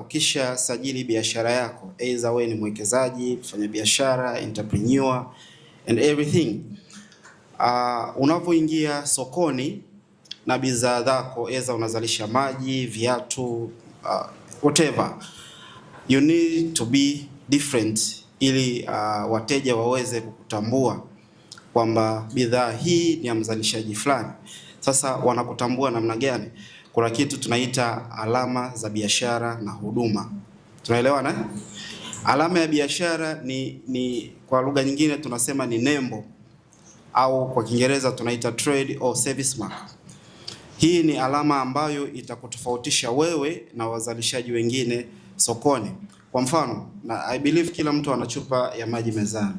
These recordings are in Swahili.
Ukisha sajili biashara yako, aidha wewe ni mwekezaji, biashara, entrepreneur and everything uh, unapoingia sokoni na bidhaa zako, aidha unazalisha maji, viatu, uh, whatever you need to be different, ili uh, wateja waweze kukutambua kwamba bidhaa hii ni ya mzalishaji fulani. Sasa wanakutambua namna gani? kuna kitu tunaita alama za biashara na huduma. Tunaelewana? Eh? Alama ya biashara ni, ni kwa lugha nyingine tunasema ni nembo au kwa Kiingereza tunaita trade or service mark. Hii ni alama ambayo itakutofautisha wewe na wazalishaji wengine sokoni. Kwa mfano, na I believe kila mtu ana chupa ya maji mezani.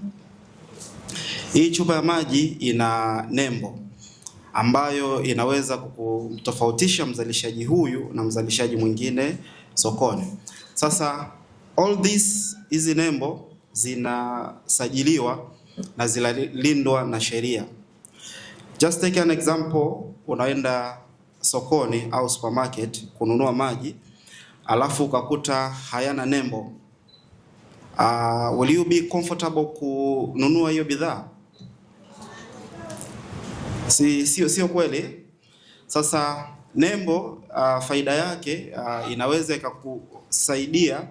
Hii chupa ya maji ina nembo ambayo inaweza kumtofautisha mzalishaji huyu na mzalishaji mwingine sokoni. Sasa all this hizi nembo zinasajiliwa na zinalindwa na sheria. Just take an example, unaenda sokoni au supermarket kununua maji alafu ukakuta hayana nembo. Uh, will you be comfortable kununua hiyo bidhaa? si sio sio kweli. Sasa nembo uh, faida yake uh, inaweza ikakusaidia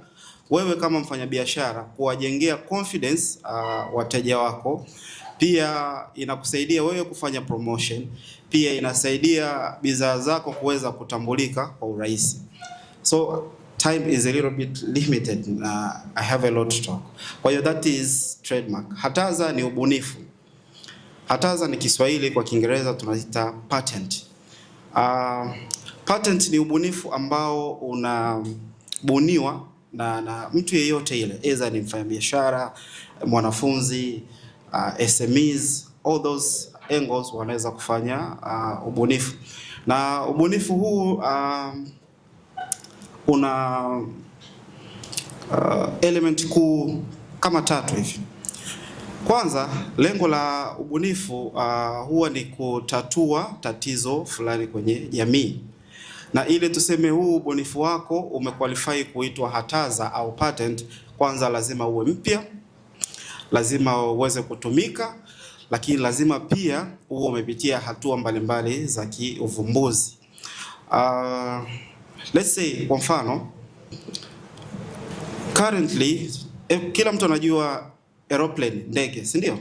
wewe kama mfanyabiashara kuwajengea confidence uh, wateja wako, pia inakusaidia wewe kufanya promotion, pia inasaidia bidhaa zako kuweza kutambulika kwa urahisi. So time is a little bit limited uh, I have a lot to talk. Kwa hiyo that is trademark. Hataza ni ubunifu hataza ni Kiswahili, kwa Kiingereza tunaita patent. Uh, patent ni ubunifu ambao unabuniwa na, na mtu yeyote ile, either ni mfanyabiashara, mwanafunzi, uh, ah, SMEs, all those angles wanaweza kufanya uh, ubunifu na ubunifu huu uh, una uh, element kuu kama tatu hivi. Kwanza lengo la ubunifu uh, huwa ni kutatua tatizo fulani kwenye jamii, na ili tuseme huu ubunifu wako umekwalify kuitwa hataza au patent, kwanza lazima uwe mpya, lazima uweze kutumika, lakini lazima pia uwe umepitia hatua mbalimbali za kiuvumbuzi. Uh, let's say kwa mfano currently eh, kila mtu anajua aeroplane ndege, si ndio?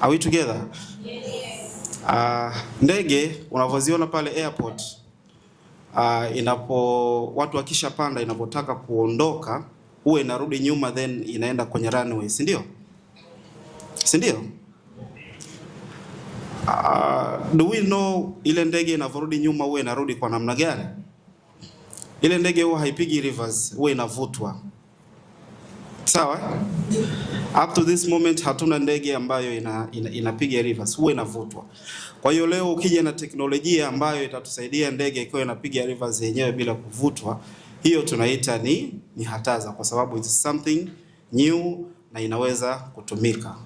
Are we together? Yes. Uh, ah, ndege unavyoziona pale airport uh, inapo watu wakishapanda inapotaka kuondoka huwa inarudi nyuma then inaenda kwenye runway, si ndio? Si ndio? Uh, do we know ile ndege inavyorudi nyuma huwa inarudi kwa namna gani? Ile ndege huwa haipigi rivers, huwa inavutwa Sawa? Up to this moment hatuna ndege ambayo inapiga ina, ina rivers, huwa inavutwa. Kwa hiyo leo ukija na teknolojia ambayo itatusaidia ndege ikiwa inapiga rivers yenyewe bila kuvutwa, hiyo tunaita ni, ni hataza kwa sababu it's something new na inaweza kutumika.